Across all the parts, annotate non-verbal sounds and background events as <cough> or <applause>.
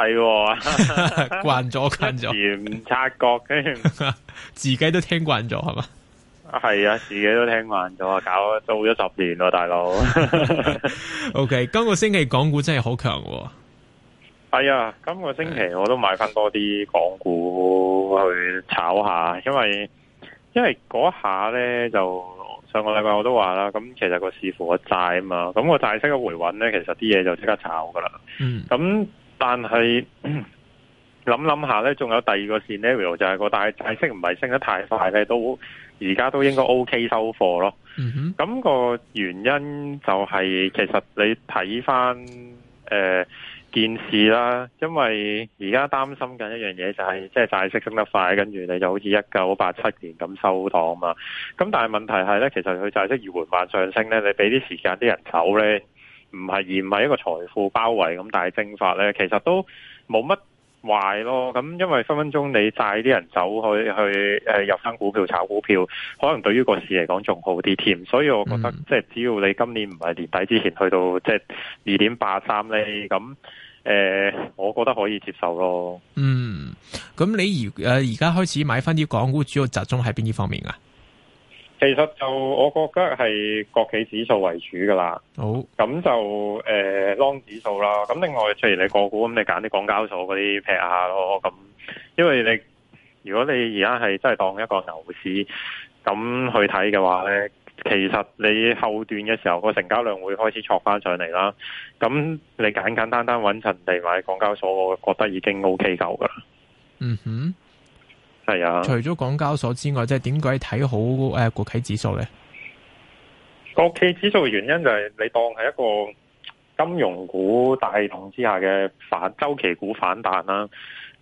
係、啊，慣咗慣咗，唔察覺， <laughs> 自己都聽慣咗係嘛？係 <laughs> 啊，自己都聽慣咗啊！搞到咗十年咯，大佬。 <laughs> o、okay, K，今個星期港股真係好強。係啊，今個星期我都買翻多啲港股去炒一下，因為因為嗰下咧就上個禮拜我都話啦，咁其實個市負個債啊嘛，咁個債息嘅回穩咧，其實啲嘢就即刻炒噶啦。嗯，咁。但係諗諗下呢，仲有第二個 scenario 就係個，債息唔係升得太快你都而家都應該 OK 收貨咯。咁、嗯個原因就係、係、其實你睇翻誒件事啦，因為而家擔心緊一樣嘢就係即係債息升得快，跟住你就好似一九八七年咁收檔嘛。咁但係問題係呢，其實佢債息而緩慢上升呢，你俾啲時間啲人走呢。唔係而唔係一個財富包圍咁大蒸發呢，其實都冇乜壞咯。咁因為分分鐘你帶啲人走去去入新股票炒股票，可能對於個市嚟講仲好啲添。所以我覺得即係、嗯、只要你今年唔係年底之前去到即係二點八三呢，咁、就、誒、是呃，我覺得可以接受咯。嗯，咁你而家開始買翻啲港股，主要集中喺邊啲方面啊？其實就我覺得係國企指數為主噶啦，好、oh. 咁就誒、呃、，Long 指數啦。咁另外，譬如你個股，咁你揀啲港交所嗰啲劈下咯。咁因為你如果你而家係真係當一個牛市咁去睇嘅話咧，其實你後段嘅時候個成交量會開始挫翻上嚟啦。咁你簡簡單單穩陣地買港交所，我覺得已經 O K 夠噶啦。嗯哼。係啊，除咗港交所之外，即係點解睇好誒國企指數咧？國企指數嘅原因就係你當係一個金融股大同之下嘅反周期股反彈啦。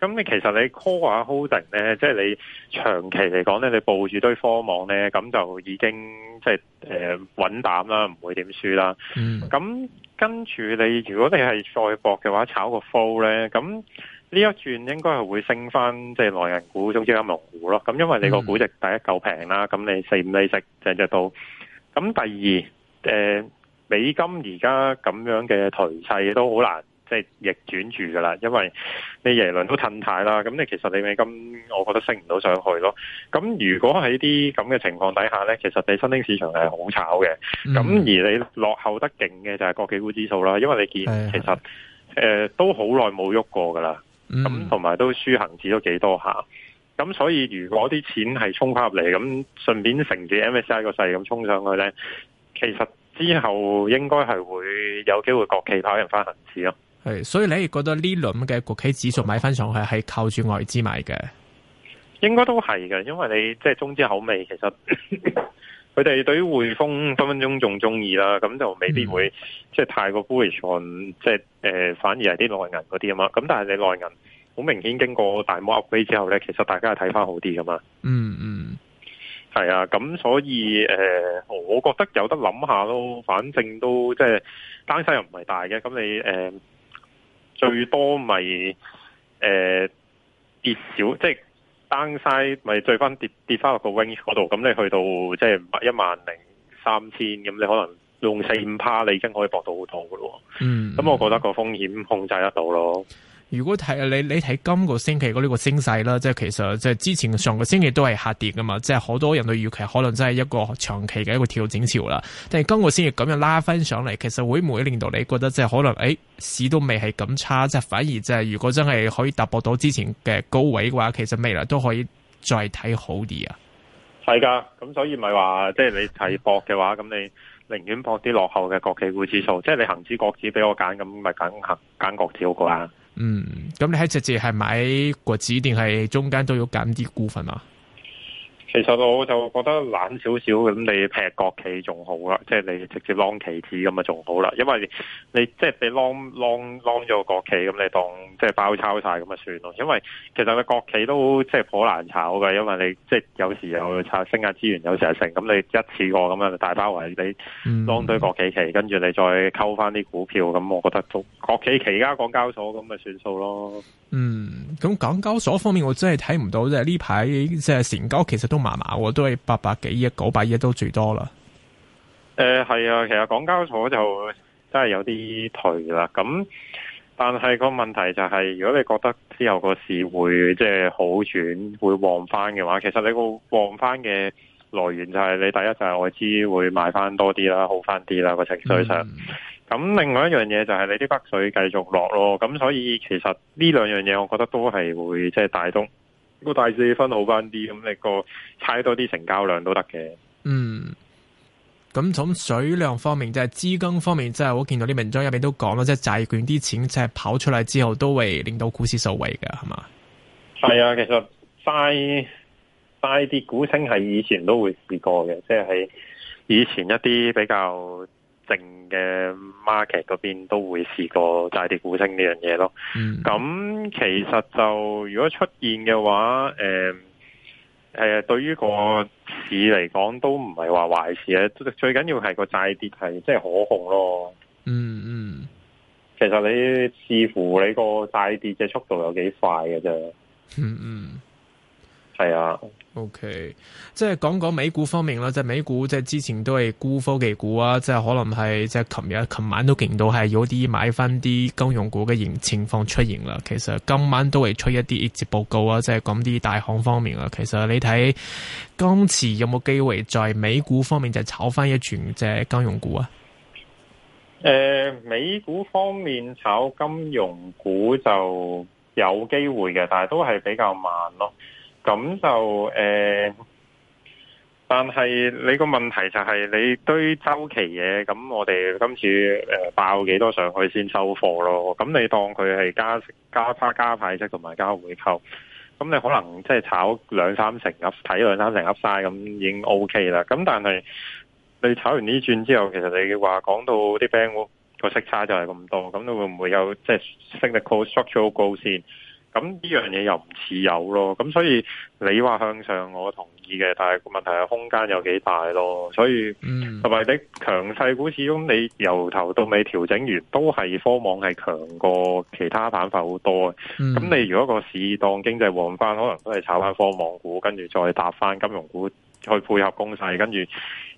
咁你其實你 call 下 holding 咧，即係你長期嚟講咧，你抱住堆科網咧，咁就已經即係誒穩膽啦，唔會點輸啦。嗯。咁跟住你，如果你係再博嘅話，炒個 fall 咧，咁。呢一轉應該係會升翻，即係內銀股，總之金融股咯。咁因為你個估值第一夠平啦，咁你四五釐息就入到。咁第二，誒、呃、美金而家咁樣嘅頹勢都好難，即係逆轉住噶啦。因為你耶倫都褪態啦，咁你其實你美金，我覺得升唔到上去咯。咁如果喺啲咁嘅情況底下咧，其實你新興市場係好炒嘅。咁、嗯、而你落後得勁嘅就係國企股指數啦，因為你見其實、呃、都好耐冇喐過噶啦。咁同埋都輸恒指都幾多下，咁所以如果啲錢係衝翻入嚟，咁順便乘住 MSI 個勢咁衝上去呢，其實之後應該係會有機會國企跑人翻恒指咯。係，所以你係覺得呢輪嘅國企指數買翻上去係靠住外資買嘅？應該都係嘅，因為你即係中資口味其實。 <laughs> 佢哋對於匯豐分分鐘仲中意啦，咁就未必會嗯嗯嗯即係太過 bullish on，即係誒、呃、反而係啲內銀嗰啲啊嘛。咁但係你內銀好明顯經過大摩 upgrade 之後咧，其實大家係睇翻好啲噶嘛。嗯嗯，係啊，咁所以誒、呃，我覺得有得諗下咯，反正都即係單身又唔係大嘅，咁你誒、呃、最多咪誒跌少即係。down 曬咪最翻跌跌翻落個 range 嗰度，咁你去到即係一萬零三千咁，就是、1, 0, 3, 000，你可能用四五趴，你已經可以搏到好多噶咯。嗯，咁我覺得個風險控制得到咯。如果睇你你睇今個星期嗰呢個升勢啦，即係其實即係之前上個星期都係下跌噶嘛，即係好多人都預期可能真係一個長期嘅一個調整潮啦。但係今個星期咁樣拉翻上嚟，其實會唔會令到你覺得即係可能誒、哎、市都未係咁差，即係反而即係如果真係可以突破到之前嘅高位嘅話，其實未來都可以再睇好啲啊。係噶，咁所以咪話即係你睇博嘅話，咁你寧願博啲落後嘅國企會指數，即係你恒指、國指俾我揀，咁咪揀恒，揀國指好啩？嗯，咁你係直接係買國指，定係中間都要揀啲股份啊？其實我就覺得懶少少咁，你劈國企仲好啦，即係你直接 long 期指咁啊仲好啦，因為你即係你 long long long 咗個國企咁，你當即係包抄晒咁啊算咯。因為其實個國企都即係好難炒㗎，因為你即係有時又要炒升價資源，有時又成咁，你一次過咁樣大包圍你 long 堆國企期，跟、嗯、住你再溝翻啲股票，咁我覺得都國企期而家港交所咁咪算數咯。嗯，咁港交所方面我真係睇唔到，即係呢排即係成交其實都麻麻，我都係八百幾億、九百億都最多啦。誒、呃，係啊，其實港交所就真係有啲頹啦。咁，但係個問題就係、是，如果你覺得之後個市會即係好轉，會旺翻嘅話，其實你個旺翻嘅來源就係你第一就係外資會買翻多啲啦，好翻啲啦個情緒上。嗯咁另外一樣嘢就係你啲北水繼續落咯，咁所以其實呢兩樣嘢我覺得都係會即係大東個大字分好翻啲咁，你個猜多啲成交量都得嘅。嗯，咁從水量方面即係資金方面，即係我見到啲文章入邊都講啦，即係債券啲錢即係跑出嚟之後，都會令到股市受惠㗎，係嘛？係啊，其實快快啲股升係以前都會試過嘅，即係喺以前一啲比較。淨嘅 market 嗰邊都會試過債跌股升呢樣嘢咯，咁、嗯、其實就如果出現嘅話，誒、嗯、誒，對於個市嚟講都唔係話壞事啊，最緊要係個債跌係即係可控咯。嗯嗯，其實你視乎你個債跌嘅速度有幾快嘅啫。嗯嗯。係啊，OK，即係講講美股方面啦，即係美股即係之前都係估科技股啊，即係可能係即係琴日、琴晚都勁到係有啲買翻啲金融股嘅形情況出現啦。其實今晚都係出一啲業績報告啊，即係講啲大行方面啦。其實你睇今次有冇機會在美股方面就炒翻一轉即係金融股啊？誒、呃，美股方面炒金融股就有機會嘅，但係都係比較慢咯。咁就誒、呃，但係你個問題就係你堆周期嘢，咁我哋今次爆幾多上去先收貨咯？咁你當佢係加加差加派息同埋加回購。咁你可能即係炒兩三成鴨，睇兩三成鴨曬，咁已經 O K 啦。咁但係你炒完呢轉之後，其實你話講到啲 band 個色差就係咁多，咁你會唔會有即係升得高 structural 高先？咁呢樣嘢又唔似有咯，咁所以你話向上我同意嘅，但係個問題係空間有幾大咯，所以同埋、嗯、你強勢股始終你由頭到尾調整完都係科網係強過其他板塊好多嘅，咁、嗯、你如果個市當經濟旺翻，可能都係炒翻科網股，跟住再搭翻金融股去配合攻勢，跟住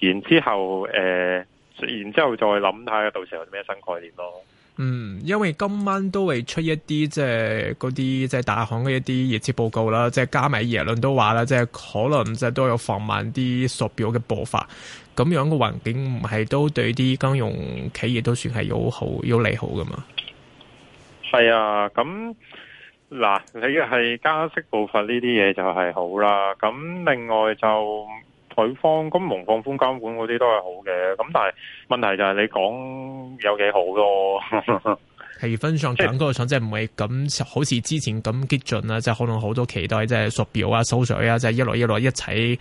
然之後誒，然之後、呃、後再諗睇下到時候有啲咩新概念咯。嗯，因為今晚都會出一啲即係嗰啲即係大行嘅一啲業績報告啦，即係加埋耶倫都話啦，即係可能即係都有放慢啲縮表嘅步伐，咁樣個環境唔係都對啲金融企業都算係有好有利好噶嘛？係啊，咁嗱，你係加息步伐呢啲嘢就係好啦，咁另外就。海方金融放寬監管嗰啲都係好嘅，咁但係問題就係你講有幾好咯？氣氛上整嗰個上即係唔係咁好似之前咁激進啦，即係可能好多期待，即係縮表啊、收水啊，即係一來一來一齊。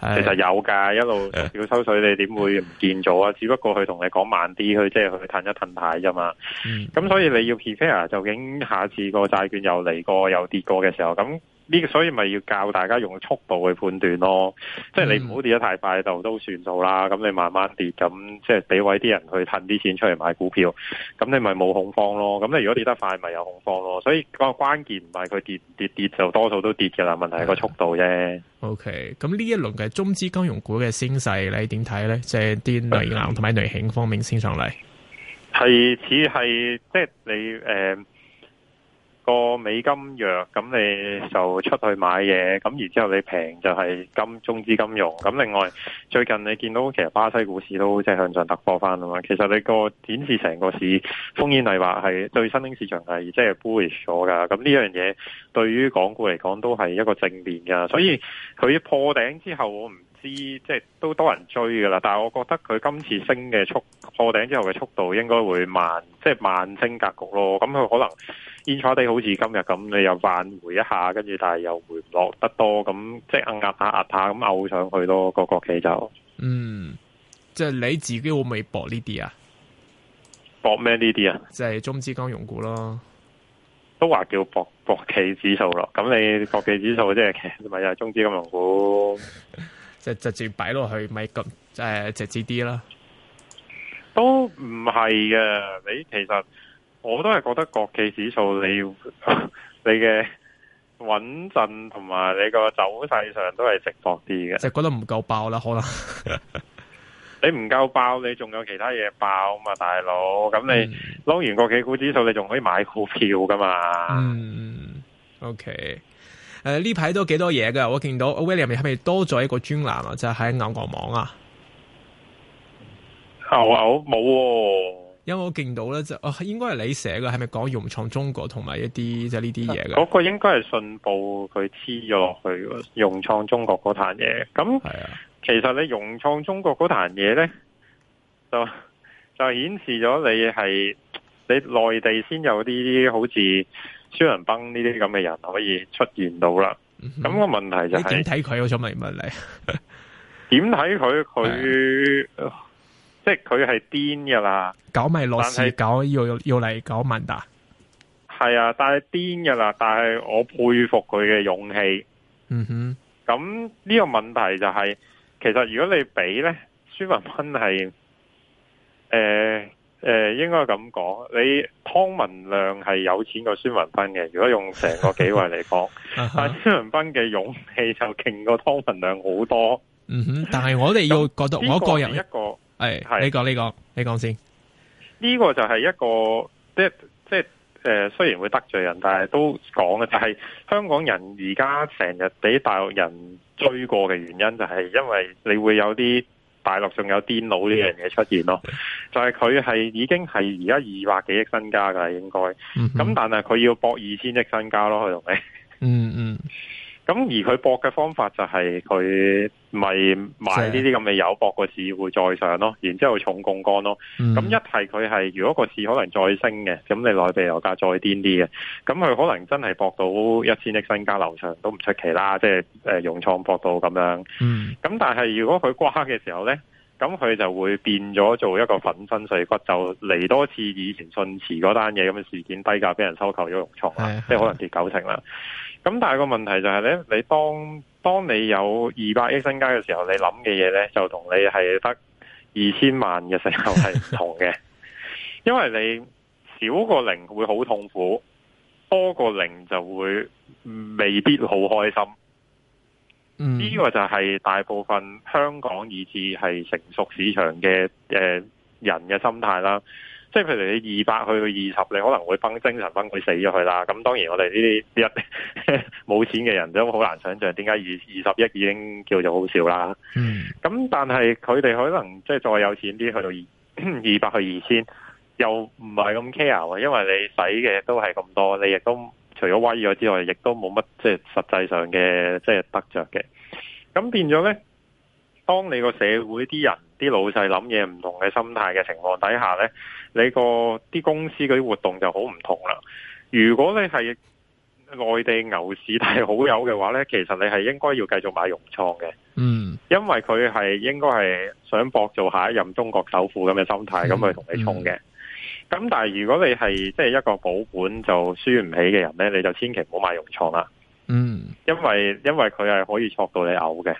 其實有㗎，一路要收水，你點會唔見咗啊？只不過佢同你講慢啲，佢即係去褪一褪軚啫嘛。咁所以你要 prepare，究竟下次個債券又嚟過又跌過嘅時候咁。呢個，所以咪要教大家用速度去判斷咯。即係你唔好跌得太快就，就都算數啦。咁你慢慢跌，咁即係俾位啲人去褪啲錢出嚟買股票，咁你咪冇恐慌咯。咁你如果跌得快，咪有恐慌咯。所以個關鍵唔係佢跌跌跌就多數都跌嘅啦，問題係個速度啫。OK，咁呢一輪嘅中資金融股嘅升勢你點睇咧？即係啲內銀同埋內險方面升上嚟，係似係即係你誒個美金弱，咁你就出去買嘢，咁然之後你平就係金中資金融，咁另外最近你見到其實巴西股市都即係向上突破翻啦嘛，其實你個顯示成個市風險嚟話係對新興市場係即係 bullish 咗噶，咁呢樣嘢對於港股嚟講都係一個正面噶，所以佢破頂之後我唔。啲即係都多人追噶啦，但係我覺得佢今次升嘅速破頂之後嘅速度應該會慢，即係慢升格局咯。咁佢可能 intraday 好似今日咁，你又挽回一下，跟住但係又回唔落得多，咁即係壓壓下壓下咁拗上去咯。個國企就嗯，即係你自己會唔會博呢啲啊？搏咩呢啲啊？即係中資金融股咯，都話叫搏博,國企指數咯。咁你國企指數即係其實咪又係中資金融股？ <laughs> 就直接擺落去咪咁，誒直接啲啦，都唔係嘅。你其實我都係覺得國企指數你 <laughs> 你嘅穩陣同埋你個走勢上都係直落啲嘅，就覺得唔夠爆啦。可能 <laughs> 你唔夠爆，你仲有其他嘢爆嘛，大佬。咁你撈完國企股指數，你仲可以買股票㗎嘛。嗯，OK。誒，呢排都幾多嘢㗎，我見到 Owen 入面係咪多咗一個專欄啊？就喺牛角網啊？牛牛冇，因為我見到咧就，哦，應該係你寫嘅，係咪講融創中國同埋一啲即係呢啲嘢嘅？嗰，就是那個應該係信報佢黐咗落去嘅融創中國嗰壇嘢。咁，啊，其實你融創中國嗰壇嘢咧，就就顯示咗你係你內地先有啲好似。孫雲崩呢啲咁嘅人可以出現到啦，咁、嗯那個問題就係點睇佢？我想問一問你，點睇佢？佢 <laughs> 即係佢係癲噶啦，搞咪樂視，但要要要搞要要嚟搞萬達，係啊，但係癲噶啦，但係我佩服佢嘅勇氣。嗯哼，咁呢個問題就係、是，其實如果你俾咧，孫雲坤係誒。呃誒、呃，應該咁講，你湯文亮係有錢過孫文斌嘅，如果用成個幾位嚟講， <laughs> 但孫文斌嘅勇氣就勁過湯文亮好多。嗯哼，但係我哋要覺得，個個我個人一、呢個係，呢個呢個，你講先。呢、呢個就係一個，即即誒、呃，雖然會得罪人，但係都講嘅就係香港人而家成日俾大陸人追過嘅原因，就係因為你會有啲。 <music> 大陸仲有癲佬呢樣嘢出現咯，就係佢係已經係而家二百幾億身家㗎，應該，咁但係佢要博二千億身家咯，佢同你。嗯嗯。咁而佢博嘅方法就係佢咪買呢啲咁嘅有博個市會再上咯，然之後會重槓桿咯。咁、嗯、一係佢係如果個市可能再升嘅，咁你內地油價再癲啲嘅，咁佢可能真係博到一千億身家樓上都唔出奇啦。即係融創博到咁樣。咁、嗯、但係如果佢瓜嘅時候呢，咁佢就會變咗做一個粉身碎骨，就嚟多次以前信慈嗰單嘢咁嘅事件，低價俾人收購咗融創啦，即係可能跌九成啦。咁但係個問題就係、是、咧，你當當你有二百億身家嘅時候，你諗嘅嘢，咧就同你係得二千萬嘅時候係唔同嘅。 <laughs> 因為你少個零會好痛苦，多個零就會未必好開心。呢、嗯，這個就係大部分香港以至係成熟市場嘅誒、呃、人嘅心態啦。即係譬如你二百去到二十，你可能會崩精神崩潰死咗佢啦。咁當然我哋呢啲一冇錢嘅人都好難想象點解二二十億已經叫做好少啦。咁、嗯、但係佢哋可能即係再有錢啲去到二百去二千，又唔係咁 care，因為你使嘅都係咁多，你亦都除咗威咗之外，亦都冇乜即係實際上嘅即係得著嘅。咁變咗咧。當你個社會啲人、啲老細諗嘢唔同嘅心態嘅情況底下呢，你個啲公司嗰啲活動就好唔同啦。如果你係內地牛市大好友嘅話呢，其實你係應該要繼續買融創嘅，嗯，因為佢係應該係想搏，做下一任中國首富咁嘅心態咁去同你衝嘅。咁、嗯嗯、但係如果你係即係一個保本就輸唔起嘅人呢，你就千祈唔好買融創啦。嗯，因為因為佢係可以錯到你嘔嘅。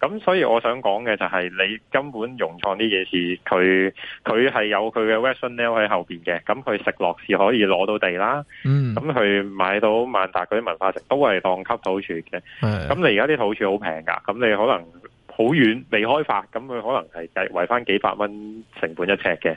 咁所以我想講嘅就係你根本融創呢件事，佢佢係有佢嘅 residential 喺後邊嘅，咁佢食落是可以攞到地啦，咁、嗯、佢買到萬達嗰啲文化城都係當級土處嘅，咁你而家啲土處好平噶，咁你可能好遠未開發，咁佢可能係計圍翻幾百蚊成本一尺嘅，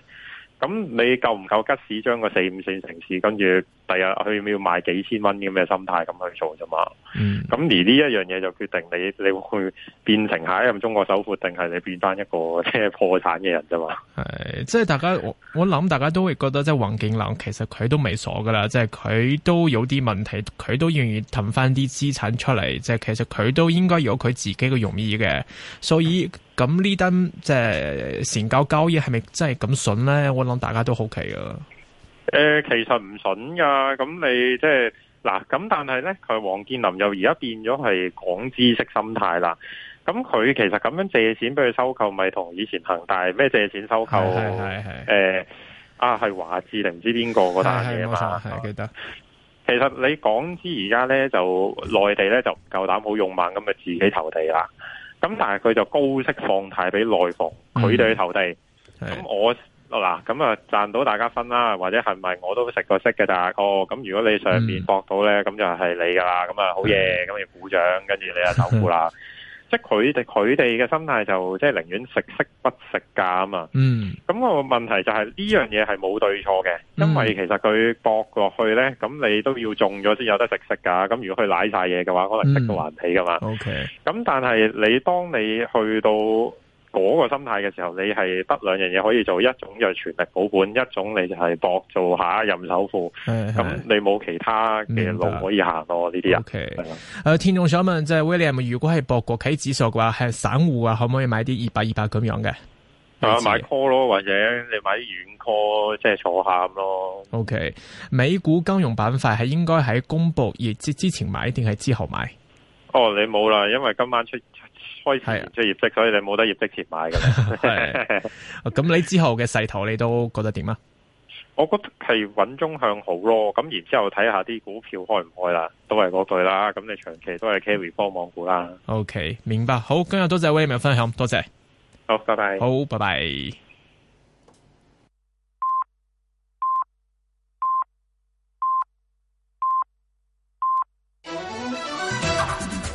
咁你夠唔夠吉士將個四五線城市跟住？係啊，佢要賣幾千蚊咁嘅心態咁去做啫嘛。咁而呢一樣嘢就決定你，你去變成下一任中國首富，定係你變翻一個即係破產嘅人啫嘛。係，即係大家我諗，我想大家都會覺得即係王健林，其實佢都未傻噶啦，即係佢都有啲問題，佢都願意騰翻啲資產出嚟，即係其實佢都應該有佢自己嘅用意嘅。所以咁呢單即係成交交易係咪真係咁順咧？我諗大家都好奇噶。誒、呃，其實唔筍噶，咁你即係嗱，咁但係咧，佢王健林又而家變咗係港資式心態啦。咁佢其實咁樣借錢俾佢收購，咪同以前恒大咩借錢收購誒、哦呃、啊係華智定唔知邊、那個嗰單嘢嘛。我記得。其實你港資而家咧就內地咧就唔夠膽好勇猛咁咪自己投地啦。咁但係佢就高息放貸俾內房，佢哋去投地。咁、嗯、我。好嗱，咁啊賺到大家分啦，或者係咪我都食過色嘅？咋？哦，咁如果你上面博到咧，咁、嗯、就係你噶啦，咁啊好嘢，咁要、嗯、鼓掌，跟住你就首富啦。 <laughs> 即係佢哋佢哋嘅心態就即係寧願食色不食價啊嘛。嗯，咁個問題就係呢樣嘢係冇對錯嘅，因為其實佢博落去咧，咁你都要中咗先有得食色噶。咁如果佢奶晒嘢嘅話，可能食到還起噶嘛。嗯、OK。咁但係你當你去到嗰、那個心態嘅時候，你係得兩樣嘢可以做，一種就係全力保本，一種你就係搏做下、啊、任首富。咁你冇其他嘅路可以行咯，呢啲啊。O K.，誒，okay, uh, 聽眾想問，即、就、係、是、William，如果係博國企指數嘅話，係散戶啊，可唔可以買啲二百二百咁樣嘅？啊、uh,，買 call 咯，或者你買遠 call，即係坐喊咁咯。O、okay, K.，美股金融板塊係應該喺公佈業績之前買定係之後買？哦，你冇啦，因為今晚出。開始即係業績，所以你冇得業績切買㗎啦。咁你之後嘅勢頭你都覺得點啊？我覺得係穩中向好咯。咁然之後睇下啲股票開唔開啦，都係嗰句啦。咁你長期都係 carry 方望股啦。OK，明白。好，今日多謝 William 分享，多謝，謝。好，拜拜。好，拜拜。